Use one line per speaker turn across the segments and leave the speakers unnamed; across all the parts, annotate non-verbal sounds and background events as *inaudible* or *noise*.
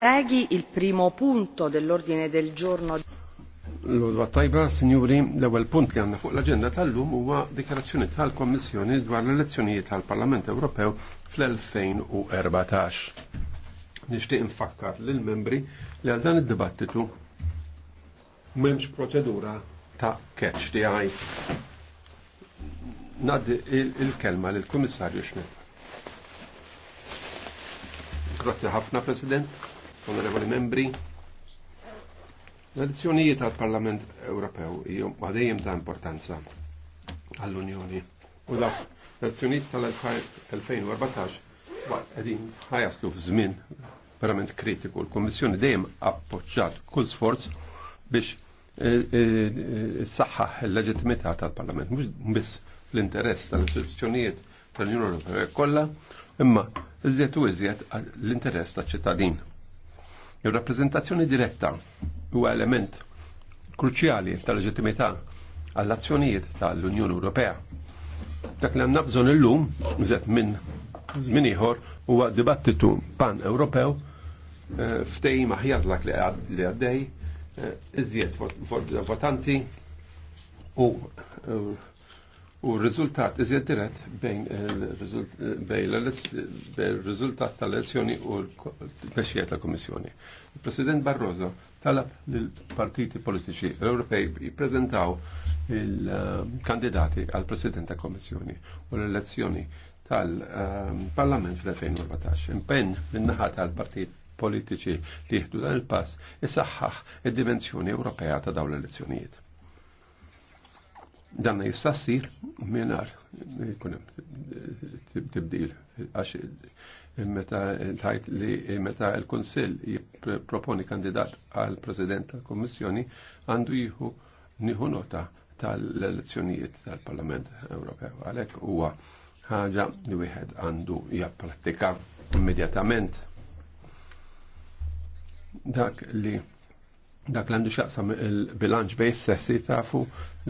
Draghi, il primo punto dell-Ordine del giorno.
L-għodwa tajba, signori, l-ewel punt li għanna fuq l-agenda tal-lum huwa dikarazzjoni tal-Kommissjoni dwar l-elezzjonijiet tal-Parlament Ewropew fl-2014. Nixtieq infakkar lill membri li għal dan id-dibattitu m'hemmx proċedura ta' catch the eye. Naddi il-kelma lill-Kummissarju Schmidt. Grazzi ħafna, President onorevoli membri. L-elezzjonijiet għal-Parlament Ewropew għadejjem ta' importanza għall-Unjoni. U da l-elezzjonijiet tal-2014 għedin ħajaslu f'żmien verament kritiku. L-Kommissjoni dejjem appoġġat kull sforz biex eh, eh, s il-leġitimità tal-Parlament, mux biss l-interess tal-istituzzjonijiet tal-Unjoni Ewropea kollha, imma iżjed u iżjed l-interess tal-ċittadin jew rappreżentazzjoni diretta huwa element kruċjali tal-leġittimità għall-azzjonijiet tal-Unjoni Ewropea. Dak li għandna bżonn illum, żed minn min ieħor huwa dibattitu pan-Ewropew eh, ftejim aħjar dak li għaddej eh, iżjed votanti u eh, U r-riżultat iżjed dirett bejn il-riżultat tal-elezzjoni u l-mexxija tal-Kummissjoni. Il-President Barroso talab lill-partiti politiċi Ewropej jippreżentaw il-kandidati għal President tal-Kummissjoni u l-elezzjoni tal-Parlament fl-2014. Impenn min-naħa tal-partit politiċi li jihdu dan il-pass isaħħaħ id-dimensjoni Ewropea ta' dawn l-elezzjonijiet danna jistassir minar mingħajr tibdil għax meta tajt li meta l-Kunsill jipproponi kandidat għal President tal-Kommissjoni għandu jieħu niħu nota tal-elezzjonijiet tal-Parlament Ewropew. Għalhekk huwa ħaġa li wieħed għandu jappratika immedjatament dak li dak l-għandu xaqsam il-bilanċ bej sessi tafu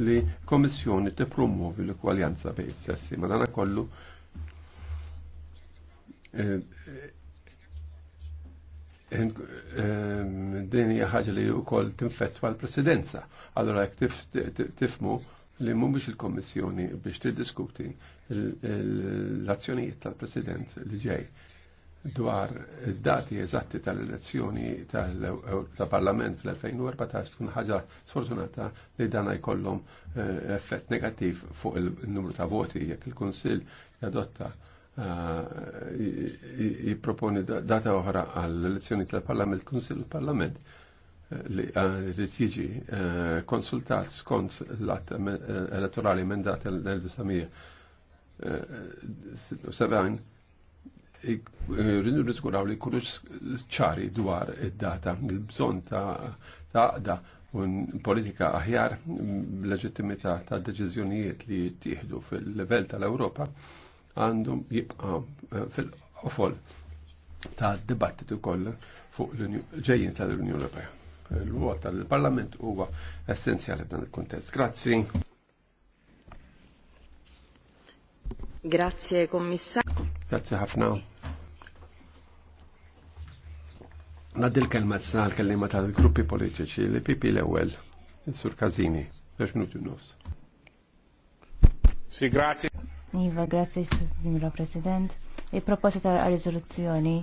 li komissjoni te promuvi l-kwaljanza bej sessi. Ma dana kollu eh, eh, eh, din hija ħaġa li wkoll tinfettwa għal presidenza Allora jekk tifmu li mhumiex il-Kommissjoni biex tiddiskuti l-azzjonijiet tal-President li ġej dwar id-dati eżatti tal-elezzjoni tal-Parlament fl-2014 tkun ħaġa sfortunata li dana jkollhom effett negattiv fuq il-numru ta' voti jekk il-Kunsill jadotta jipproponi data oħra għall-elezzjoni tal-Parlament, Kunsill parlament li rrid jiġi konsultat skont l-att elettorali mendat l-1970 Rinnu niskuraw li kunu ċari dwar id-data, il-bżon ta' għaqda un politika aħjar leġittimità ta' deċiżjonijiet li jittieħdu fil-level tal-Ewropa għandhom jibqa' fil-qofol ta' dibattitu koll fuq l-un ġejjin tal-Unjoni Ewropea. L-vot tal-Parlament huwa essenzjali f'dan il-kuntest. Grazzi.
Grazie, Grazie Kommissar.
Grazzi ħafna. Naddil kelma s-sena l-kellima tal-gruppi politiċi li pipi l-ewel, il-sur Kazini, 10 minuti nus. Si, grazie.
Iva, grazie, Signora President. Il-proposta ta' rizoluzzjoni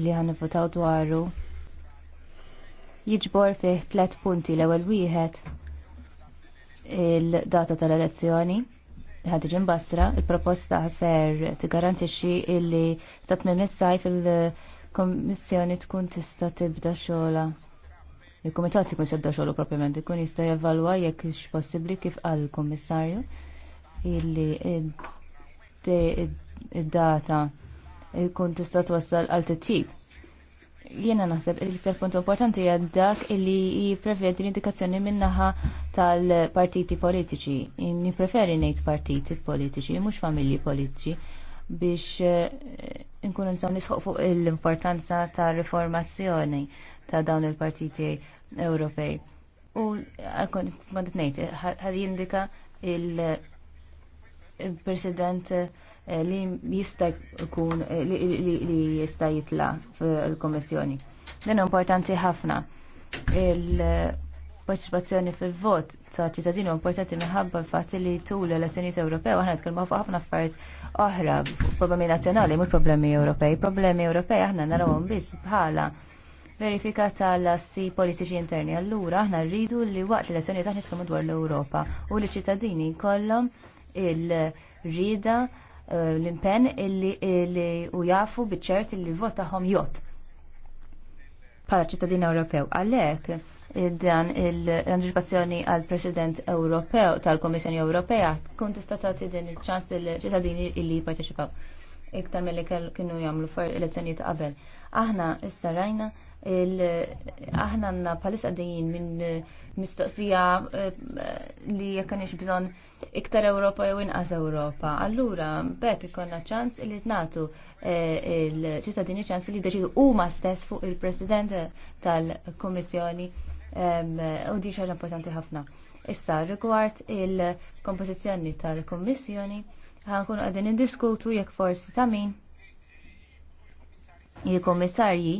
li għan votaw dwaru jiġbor fih tlet punti l-ewel wieħed il-data tal-elezzjoni ħadir basra, il-proposta ser tigarantixxi illi ta' tmiem is-sajf il-Kommissjoni tkun tista' tibda xogħla. Il-Kumitat ikun sebda xogħlu propjament ikun jista' jevalwa jekk hux possibbli kif qal il-Kummissarju illi id-data ikun tista' twassal għal titjib Jiena naħseb il iktar punt importanti hija dak illi jipprevedi l-indikazzjoni minnaħa tal-partiti politiċi. Nippreferi ngħid partiti politiċi, mhux familji politiċi biex eh, nkunu nsaw nisħuq fuq l-importanza ta' riformazzjoni ta' dawn il-partiti Ewropej. U eh, kont ngħid ħad jindika il-President il eh, president Eh, li jista' jkun eh, li jista' jitla fil-Kommissjoni. Dan importanti ħafna. Il-parċipazzjoni fil-vot ta' ċittadini importanti minħabba l-fatt li tul l-elezzjonijiet Ewropew aħna nitkellmu fuq ħafna affarijiet oħra, problemi nazzjonali, mhux problemi Ewropej. Problemi Ewropej aħna narawhom biss bħala verifika tal-assi politiċi interni. Allura, aħna rridu li waqt l-elezzjoni taħni tkun dwar l-Ewropa u li ċittadini kollhom il-rida l-impen li u jafu biċċert illi l-vot tagħhom jott bħala ċittadin Ewropew. Għalhekk dan l-anticipazzjoni għal President Ewropew tal-Komissjoni Ewropea tkun tista' din il-ċans lill-ċittadini li jipparteċipaw iktar mill-li kienu jagħmlu elezzjoni elezzjonijiet qabel. Aħna issa rajna aħna għandna bħalissa dejjin minn mistoqsija eh, li jekk għandix bżonn iktar Ewropa jew inqas Ewropa. Allura bekk ikonna ċans li tnatu eh, il-ċittadini ċans li jiddeċidu huma stess fuq il-President tal-Kummissjoni u di xaġa importanti ħafna. Issa rigward il-kompożizzjoni tal-Kummissjoni ħankunu qegħdin indiskutu jekk forsi ta' min il-kommissarji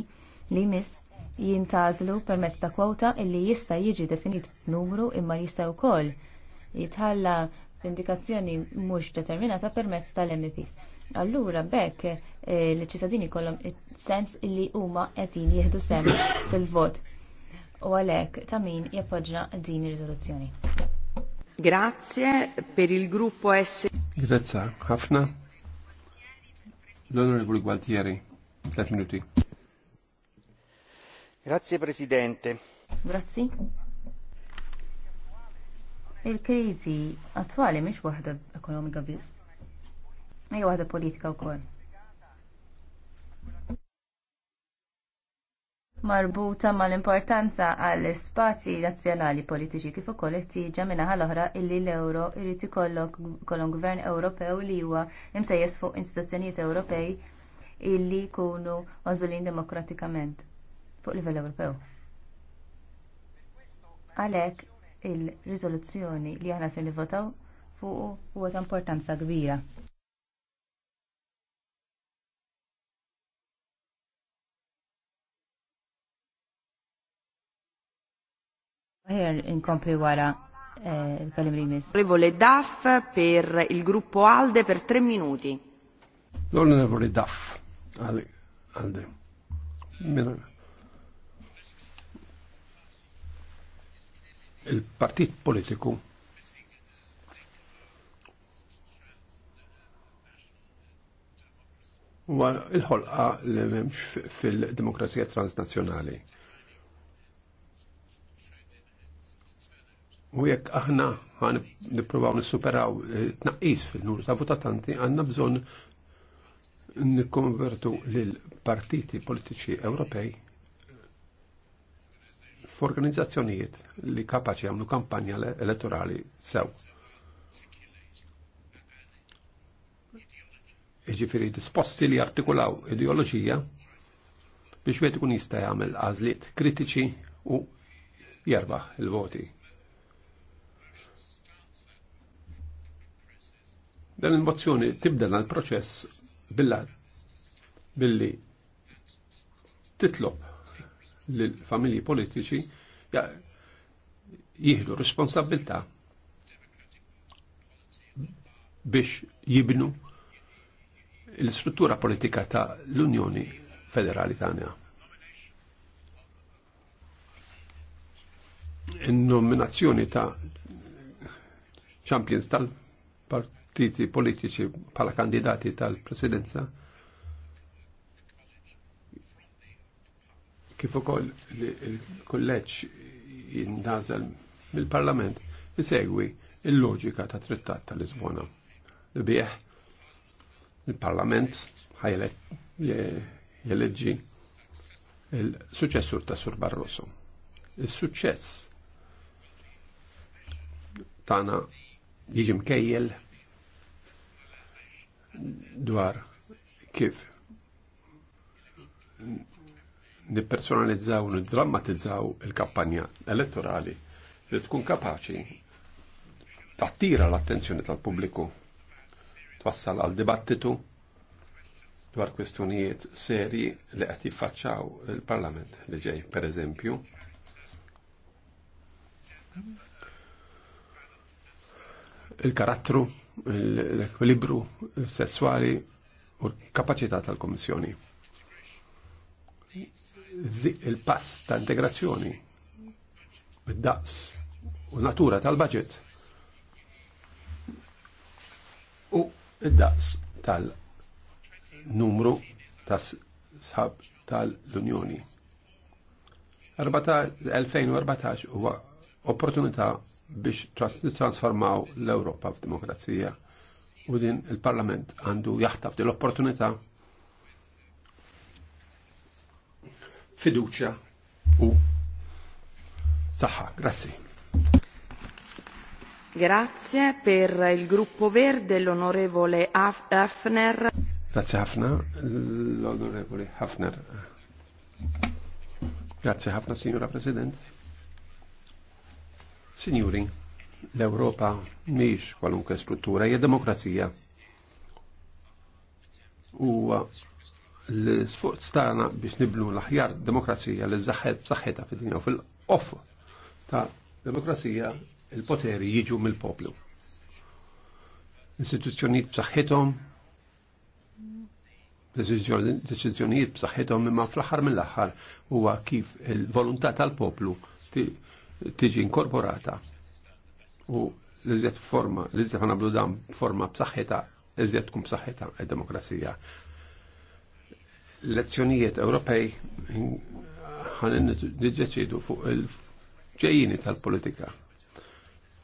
li miss jintazlu permezz ta' kwota illi jista' jiġi definit numru imma jista' wkoll jitħalla indikazzjoni mhux determinata permezz tal-MPs. Allura bekk eh, l-ċittadini kollhom sens li huma qegħdin jieħdu sem fil-vot u għalhekk ta' min jappoġġa din ir-riżoluzzjoni. Grazie per il gruppo S.
Grazie, Hafna. L'onorevole Gualtieri, 3 minuti.
Grazie Presidente. Grazie. Il-kriżi attwali mhix waħda ekonomika biss. Hija waħda politika wkoll. Marbuta mal-importanza għall spazji nazzjonali politiċi kif ukoll ħtieġa minnaħa l-oħra illi l-euro irid ikollok kolon gvern Ewropew li huwa imsejjes fuq istituzzjonijiet Ewropej illi jkunu mażulin demokratikament fuq livell Ewropew. Għalhekk il-riżoluzzjoni li aħna se nivvotaw fuq huwa ta' importanza kbira. Ħer inkompli wara eh, il-kalim rimis. jmiss. Rivoli Daff per il gruppo Alde per tre minuti.
Non ne L'onorevole Daff, Alde. il-partit politiku huwa il-ħolqa li m'hemmx fil-demokrazija transnazzjonali. U jekk aħna għan nisuperaw nissuperaw eh, tnaqqis fil nur ta' votatanti għandna bżonn nikkonvertu lil partiti politiċi Ewropej f'organizzazzjonijiet li kapaċi jagħmlu kampanja elettorali sew. Iġifieri disposti li artikulaw ideoloġija biex wieħed ikun jista' jagħmel għażliet kritiċi u jerbaħ il-voti. Dan il-mozzjoni tibda l proċess billa billi titlob l-familji politiċi jihdu responsabilta biex jibnu l-struttura politika ta' l-Unjoni Federali tagħna. il nominazzjoni ta' champions tal-partiti politiċi bħala kandidati tal-presidenza kif ukoll il-kulleġġ jindażel mill-Parlament isegwi il-loġika ta' trittat ta' Lisbona. Li bieħ il-Parlament jeleġġi il-suċessur ta' Sur Barroso. Il-suċess tana jiġi mkejjel dwar kif nippersonalizzaw u il-kampanja elettorali li tkun kapaċi tattira l-attenzjoni tal-pubbliku twassal għal dibattitu dwar kwestjonijiet serji li qed jiffaċċaw il-Parlament li ġej, per Il-karattru, l-ekwilibru sessuali u l-kapacità tal-Komissjoni il-pass ta' integrazzjoni bid-daqs u natura tal-budget u id-daqs tal-numru tas-sab tal-Unjoni. 2014 huwa opportunità biex transformaw l-Ewropa f'demokrazija u din il-Parlament għandu jaħtaf l-opportunità fiduċja u saħħa. Grazzi.
Grazie per il gruppo verde l'onorevole Hafner.
Grazie Hafner, l'onorevole Hafner. Grazie Hafner, signora Presidente. Signori, l'Europa europa qualunque struttura, e democrazia. U l-sforz tagħna biex niblu l-aħjar demokrazija li zaħħet b'saħħetha fid-dinja u fil-off ta' demokrazija il-poteri jiġu mill-poplu. Istituzzjonijiet b'saħħithom, deċiżjonijiet b'saħħithom imma fl-aħħar mill-aħħar huwa kif il-volontà tal-poplu tiġi inkorporata u l-iżjed forma, l-iżjed dan forma b'saħħetha, iżjed tkun b'saħħetha demokrazija l azzjonijiet Ewropej ħan nidġeċidu fuq il-ġejjini tal-politika.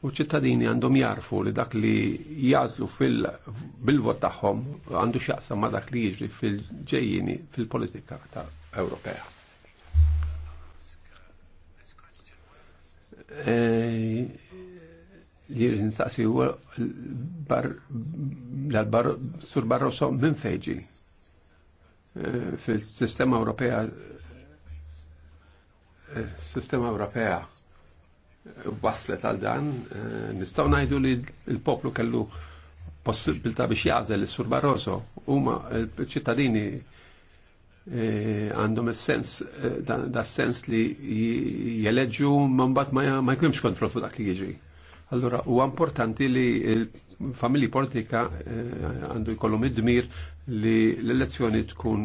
U ċittadini għandhom jarfu li dak li jazlu bil-vot tagħhom għandu x'jaqsam ma dak li jiġri fil-ġejjini fil-politika ta' Ewropea. Li e, nistaqsi huwa l-bar sur Barroso minn fejġi fil-sistema Ewropea sistema Ewropea waslet għal dan, eh, nistaw najdu li l-poplu kellu possibilta biex jażel is-Sur Barroso, huma l-ċittadini eh, għandhom is-sens eh, da sens li jeleġu man bat ma jkunx kontrol fuq dak li jiġi. Allora u importanti li familji politika eh, għandu jkollhom id-dmir li l-elezzjoni tkun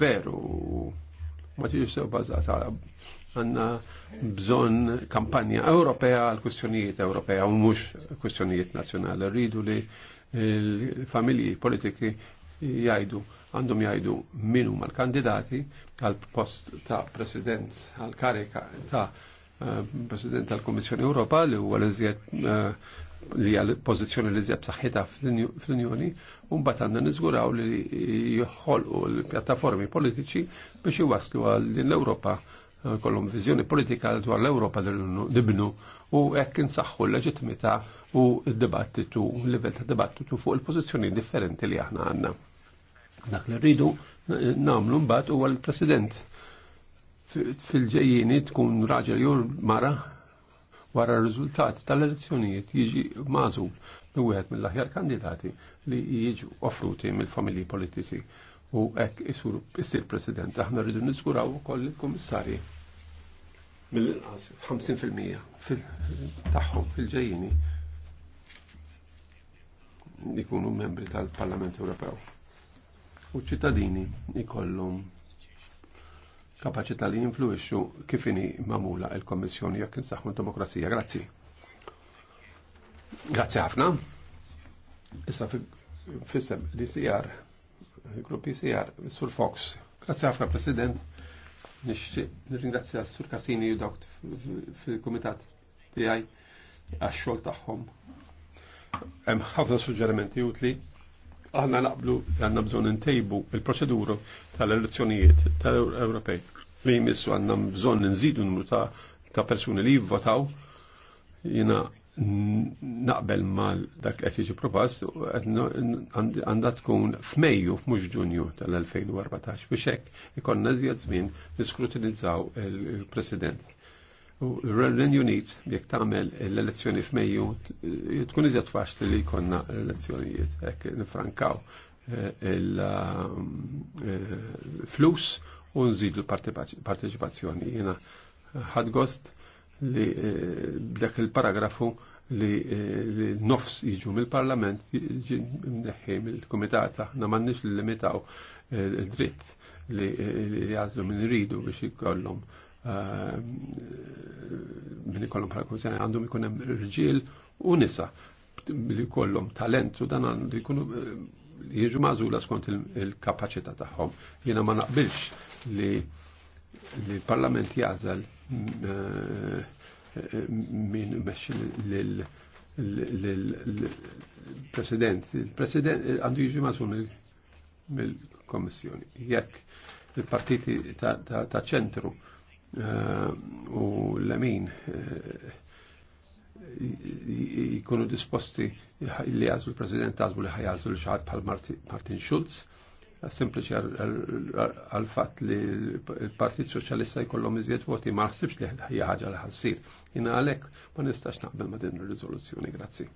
veru ma tiġix sew bażata għandna bżon kampanja Ewropea għal kwistjonijiet Ewropea u mhux kwistjonijiet nazzjonali. Rridu li l-familji politiki jgħidu għandhom jgħidu minu mal-kandidati għal post ta' president għal karika ta' eh, President tal komissjoni Ewropa li huwa l li għal pozizjoni li zjab saħħita fl-Unjoni, un-bat għanna nizguraw li jħolqu l-pjattaformi politiċi biex jwaslu għal l-Europa eh, kollum vizjoni politika dwar l-Europa Dibnu u hekk insaħħu l leġitimità u d-dibattitu, l level ta' dibattitu fuq il-pożizzjoni differenti li aħna għandna. Dak li rridu namlu mbagħad u għal president fil-ġejjini tkun raġel jur mara wara r-riżultat tal-elezzjonijiet jiġi mażul li wieħed mill-aħjar kandidati li jiġu offruti mill-familji politiċi u hekk isur isir president. Aħna rridu niżguraw ukoll il-kummissarji mill-inqas 50% tagħhom fil-ġejjini ikunu membri tal-Parlament Ewropew. U ċittadini ikollhom kapaċità li jinfluwixxu kif inhi mamula l-Kommissjoni jekk insaħħu demokrazija. Grazzi. Grazzi ħafna. Issa fissem li CR, gruppi sijar, Sur Fox. Grazzi ħafna President. Nirringrazzja Sur Cassini u dawk fil-Kumitat tijaj għax-xogħol tagħhom. Hemm ħafna suġġerimenti utli aħna naqblu għanna bżon ntejbu il-proċeduru tal-elezzjonijiet tal-Ewropej li jmissu għanna bżon nżidu numru ta', ta persuni li jivvotaw jina naqbel mal dak li qed jiġi propost għandha tkun f'Mejju f'mhux Ġunju tal-2014 biex hekk ikonna żjed żmien niskrutinizzaw il-President. U l Unit, jek tamel l-elezzjoni f'Mejju, tkun iżjed faċli li jkollna l-elezzjonijiet, jek nifrankaw eh, il-flus eh, u nżidu l-parteċipazzjoni. Jena ħadgost li eh, b'dak il-paragrafu li nofs jiġu mill-parlament neħħi mill-komitat aħna m'għandniex li limitaw il-dritt li jgħazlu minn iridu biex jkollhom minn ehm, ikollom bħala kummissjoni għandhom ikun hemm irġiel u nisa billi kollhom talent u dan għandu jkunu ehm, jiġu mażula skont il-kapaċità tagħhom. Jiena ma naqbilx li l-Parlament jażal ehm, min meċi l-President. Il-President għandu jiġi mażul mill-Kommissjoni. Jekk il-partiti ta' ċentru Eh, u l-amin eh, jikunu disposti li jazlu l-President għazbu li ħajazlu li xaħat pal Martin Schulz sempliċi għal fatt li l-Partit Soċjalista jkollhom iżjed voti ma ħsibx li hija ħaġa li ħassir. Jiena għalhekk ma nistax naqbel ma din ir-riżoluzzjoni, grazzi.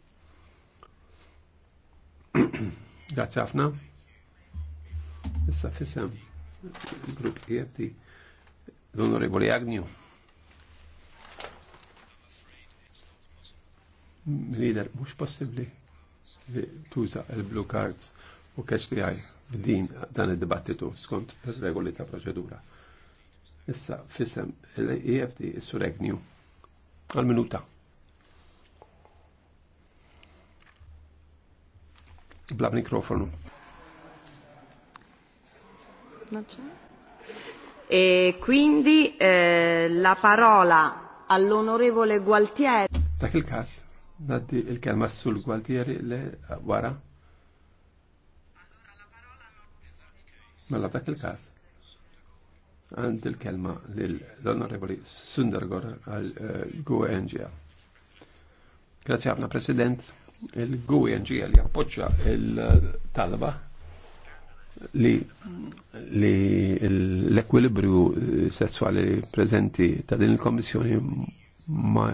*clears throat* Grazzi ħafna. Issa fisem il-grupp EFD l-Onorevoli Agnew. Leader, mux possibli li tuża il-blue cards u keċ li għaj din dan il-dibattitu skont regoli ta' proċedura. Issa fissem l efd issu regnju għal-minuta. Bla mikrofonu.
Not sure. E quindi eh, la parola all'onorevole Gualtieri.
Dak il-kas, naddi il-kelma sul Gualtieri le Ma la mela da quel caso. Għand il calma l-onorevoli Sundergor għal-GUNGL. Eh, e Grazie a una Presidente. il-GUNGL e appoggia il-talba li li l-ekwilibrju eh, sessuali prezenti ta' din il-Komissjoni ma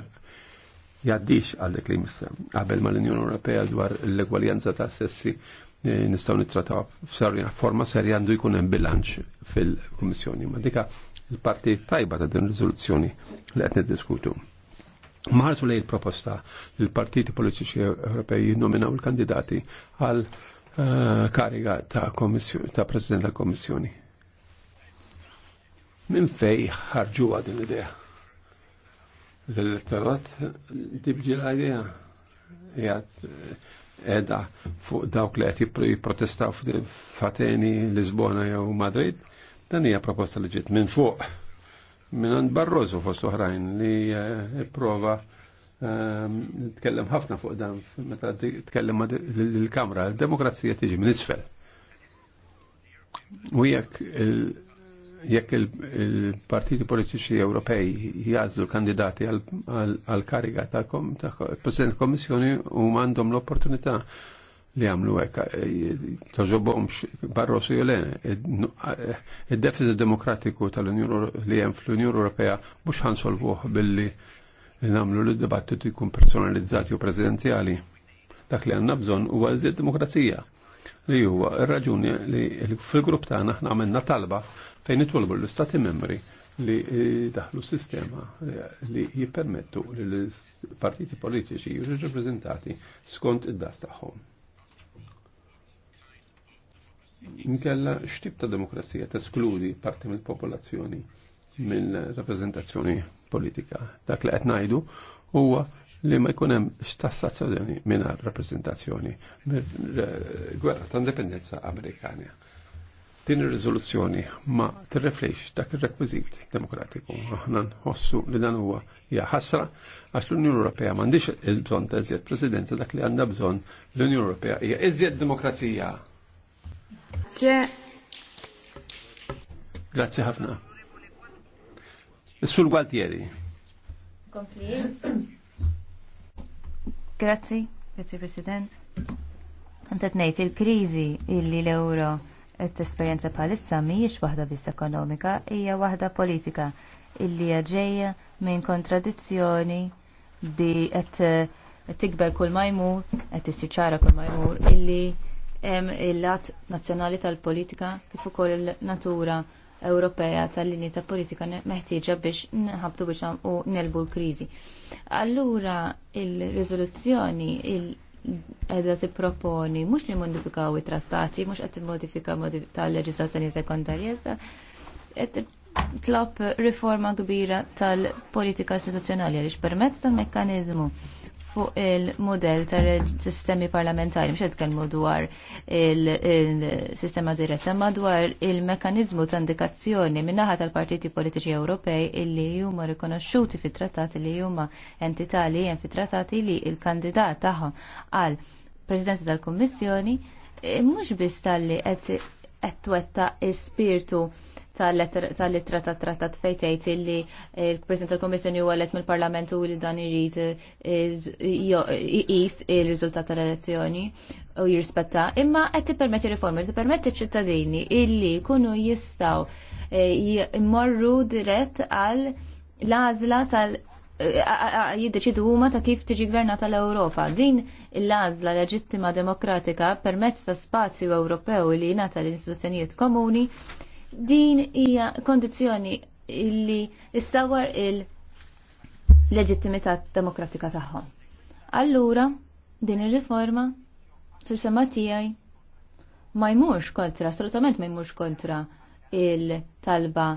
jaddix għal dik li jmissa. qabel ma l-Unjoni Ewropea dwar l-egwaljanza ta' sessi eh, nistgħu nittrataw forma serja għandu jkun hemm bilanċ fil komissjoni Ma dika il-parti tajba ta' din riżoluzzjoni li qed niddiskutu. Maħarsu lej il-proposta il-partiti politiċi Ewropej jinnominaw il-kandidati għal Eh, kariga ta' komissjoni ta' President ta' komissjoni. Min fej ħarġu din l-idea? L-elettorat dibġi l-idea? Jgħat eh, edha fuq dawk li qed jipprotestaw f'Ateni, Lisbona jew Madrid, dan hija proposta li ġiet minn fuq minn għand Barroso fost oħrajn li eh, prova uh, Tkellem ħafna fuq dan meta tkellem l-Kamra, l demokrazija tiġi minn isfel. U jekk jekk il-partiti politiċi Ewropej jgħazzu kandidati għal-kariga ta' President Komissjoni u għandhom l-opportunità li għamlu għek, taġobomx barrosu jolene, il-deficit demokratiku tal-Unjoni li għem fl-Unjoni Ewropea mux ħansolvuħ billi Li namlu li dibattitu jkun personalizzati u prezidenziali. Dak li għanna bżon u għazid demokrazija. Li huwa raġuni li fil-grupp tagħna naħna għamenna talba fejn itwolbu l-istati membri li eh, daħlu sistema eh, li jippermettu li l-partiti politiċi jiġu reprezentati skont id-das tagħhom. Nkella x'tib ta' demokrazija teskludi parti mill-popolazzjoni mill-rappresentazzjoni politika. Dak li qed ngħidu huwa li ma jkun hemm x'tassazzjoni minn rappreżentazzjoni minn gwerra ta' indipendenza Amerikana. Din ir-riżoluzzjoni ma tirreflex dak ir-rekwiżit demokratiku. Aħna nħossu li dan huwa hija ħasra għax l-Unjoni Ewropea m'għandix il-bżonn ta' iżjed presidenza dak li għandha bżonn l-Unjoni Ewropea hija iżjed demokrazija. Grazie ħafna. Sul Gualtieri.
Kompli. Grazzi, Grazie President. Għantet nejt il-krizi illi l-euro qed tesperjenza bħalissa mhijiex waħda biss ekonomika, hija waħda politika illi hija ġejja minn kontradizzjoni di qed tikber kull ma jmur, qed tisir ċara kull ma jmur illi hemm il-lat nazzjonali tal-politika kif ukoll il-natura Ewropea tal-linji ta' politika meħtieġa biex nħabtu biex u nelbu l-kriżi. Allura il-riżoluzzjoni il-edha proponi mhux li modifikaw it-trattati, mhux qed modifika tal-leġislazzjoni sekondarja, qed tlop riforma kbira tal-politika istituzzjonali għaliex permezz tal-mekkaniżmu fuq il-modell tal-sistemi parlamentari, mxed kelmu dwar il-sistema diretta, ma dwar il-mekanizmu ta' indikazzjoni minnaħat tal-partiti politiċi Ewropej illi huma rikonoxxuti fit trattati li huma entità li jen fit trattati li il-kandidat tagħhom għal Presidenza tal-Kommissjoni eh, mhux biss tal qed twetta ispirtu spirtu tal-ittra ta' trattat fejtejt illi il-President tal-Komissjoni u għalet mill-Parlament u li dan irrid jqis il-riżultat tal-elezzjoni u jirrispetta. Imma qed tippermetti riformi, t-permetti ċittadini illi kunu jistaw eh, jmorru dirett għal lazla għażla tal- eh, jiddeċidu huma ta' kif tiġi gvernata l-Ewropa. Din l-għażla leġittima demokratika permezz ta' spazju Ewropew li jingħata l-istituzzjonijiet komuni Din hija kondizzjoni illi issawar il-leġittimità demokratika tagħhom. Allura, din ir-riforma fil sema tiegħi ma jmurx kontra, assolutament ma jmurx kontra il-talba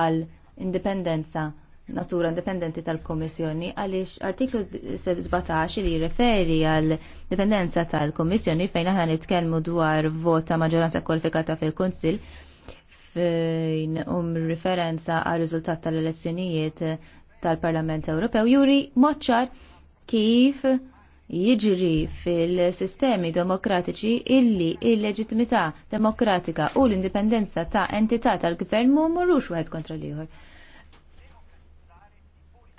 għal indipendenza natura indipendenti tal-Komissjoni għaliex artiklu 17 li referi għal dipendenza tal-Komissjoni fejn aħna nitkellmu dwar vota maġġoranza kwalifikata fil-Kunsill fejn um referenza għal riżultat tal-elezzjonijiet tal-Parlament Ewropew juri moċċar kif jiġri fil-sistemi demokratiċi illi il-leġittimità demokratika u l-indipendenza ta' entità tal-gvern mu murrux wieħed kontra l-ieħor.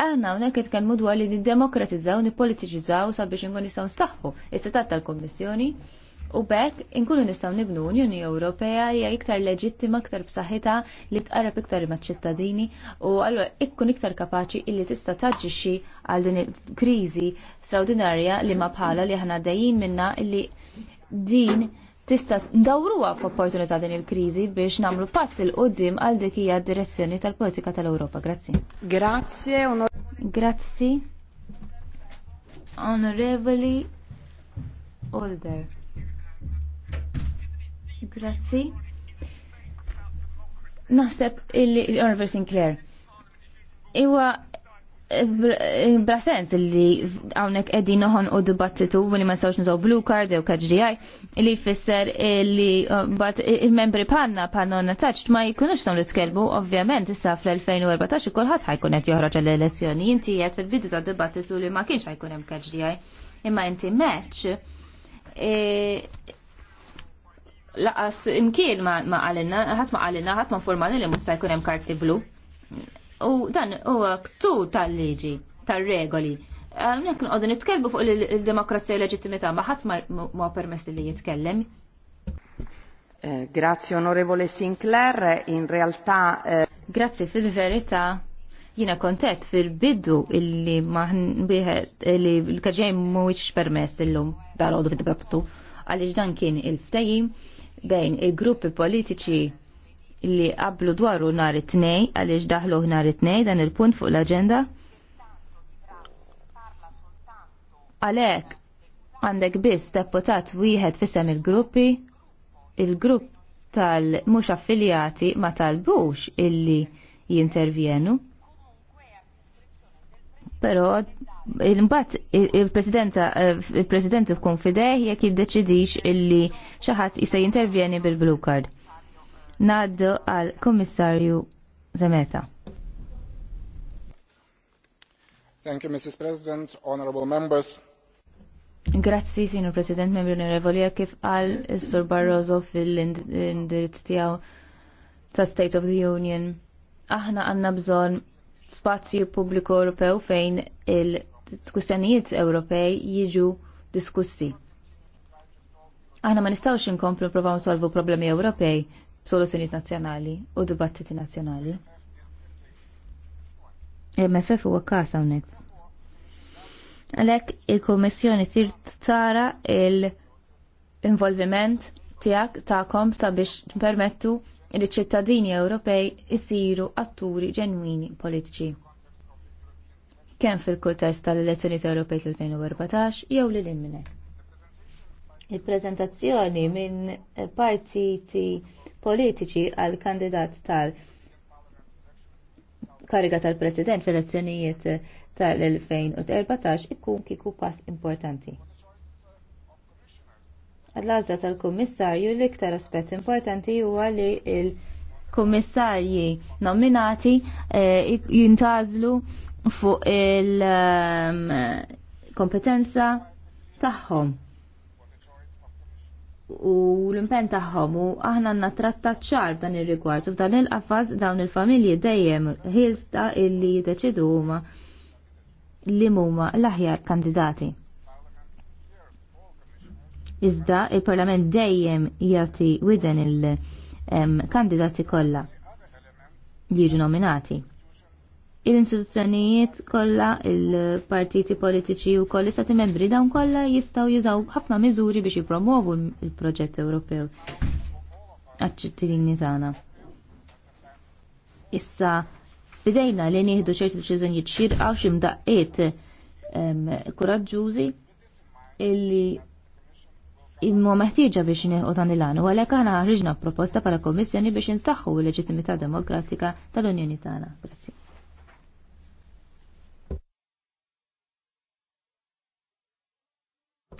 Aħna hawnhekk itkellmu dwar li niddemokratizzaw, nippolitiċizzaw sabiex inkun nistgħu nsaħħu istatat tal-Kummissjoni U bekk inkunu nistgħu nibnu Unjoni Ewropea hija iktar leġittima iktar b'saħħitha li tqarrab iktar maċ-ċittadini u allura ikkun iktar kapaċi illi tista' taġġixxi għal din il-kriżi straordinarja li ma bħala li aħna dejjin minna illi din tista' ndawruha f'opportunità din il-kriżi biex nagħmlu pass il qudiem għal dik hija d-direzzjoni tal-politika tal-Ewropa. Grazzi. Grazie. Grazzi. Onorevoli Older. Grazzi. Naħseb illi oliver Sinclair. Iwa eh, eh, bla illi li għawnek edin noħon u dibattitu u li ma nsawx nizaw blue card jew KGI li fisser li bat eh, il-membri panna panna unattaċt ma jkunux tam li ovvjament issa fl-2014 kolħat ħajkun qed joħroġ l-elezzjoni inti qed fil-bidu ta' dibattitu li ma kienx ħajkun hemm KGI imma inti match laqas imkien ma għalina, ħat ma għalina, ħat ma formali li musta jkun hemm karti blu. U dan huwa ksur tal-liġi, tal-regoli. Nek nqogħdu nitkellbu fuq il-demokrazija u leġittimità ma ħadd ma permess li jitkellem. Eh, grazie onorevole Sinclair, in realtà eh, Grazie fil-verità jina kontet fil-biddu illi maħn biħed illi l-kaġej mhuwiex permess illum dal-għodu fil dibattu għaliex dan kien il-ftajim bejn il-gruppi politiċi li qablu dwaru nhar it-tnej għaliex daħlu nhar it-tnej dan il-punt fuq l-aġenda. Għalhekk għandek biss deputat wieħed fissem il-gruppi, il-grupp tal mhux affiljati ma talbux illi jintervjenu. Pero Imbagħad il-Presidenta eh, il-President ikun fideh jekk jiddeċidix illi xi ħadd jista' jintervjeni bil-blue card. Ngħaddu għal Kummissarju Zemeta.
Thank you, Mrs. President, Honorable Members.
Grazzi, Sinu President, membri onorevoli, kif għal Sur Barroso fil-indirizz tiegħu ta' State of the Union. Aħna għandna bżonn spazju pubbliku Ewropew fejn il-kustjanijiet Ewropej jiġu diskussi. Aħna ma nistawx inkomplu provaw nsolvu problemi Ewropej b'soluzzjonijiet nazzjonali u dibattiti nazzjonali. MFF huwa każ hawnhekk. Għalhekk il-Kummissjoni tir tara il-involviment tiegħek tagħkom sabiex permettu il ċittadini Ewropej isiru atturi ġenwini politiċi. Kemm fil-kuntest tal-elezzjonijiet Ewropej tal-2014 jew l minnek. Il-preżentazzjoni minn partiti politiċi għal kandidat tal- kariga tal-President fil-elezzjonijiet tal-2014 ikkun kiku pass importanti. Għall-għażla tal-Kummissarju l-iktar aspett importanti huwa li l kummissarji nominati eh, jintgħażlu fuq il-kompetenza ehm, tagħhom u l-impen tagħhom u aħna għandna trattat ċar f'dan ir-rigward u f'dan il-qafas dawn il-familji dejjem ħilsta illi jiddeċidu huma li huma l-aħjar kandidati. Iżda il-Parlament dejjem jagħti widen il-kandidati kollha li jiġu nominati. il instituzzjonijiet kollha, il-partiti politiċi u koll istati membri dawn kollha jistgħu jużaw ħafna miżuri biex jippromovu l-proġett Ewropew għaċ-ċittadini tagħna. Issa bidejna li nieħdu ċerti deċiżjonijiet xirqa u xi mdaqqiet kuraġġużi illi imma meħtieġa biex nieħu dan il għanu u għalhekk aħna ħriġna proposta bħala Kommissjoni biex insaħħu l-leġittimità demokratika tal-Unjoni tagħna. Grazzi.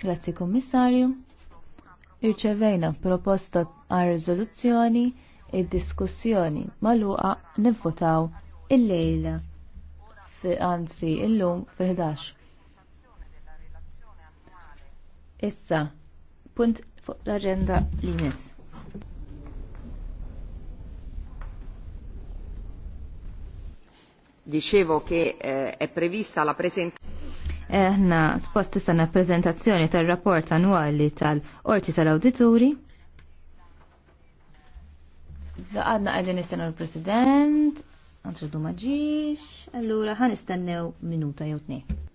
Grazzi Kommissarju. Irċevejna proposta għal riżoluzzjoni id-diskussjoni magħluqa nivvotaw il-lejla anzi illum fil-11. Issa, punt fuq l-agenda li jmiss. Dicevo che eh, è prevista la presentazione. Eħna eh, spost istana prezentazzjoni tal-rapport annwali tal-Orti tal-Awdituri. Iżda għadna għedin istennu l-President, għanċu maġiġ, allura għan istennew minuta jew tnej.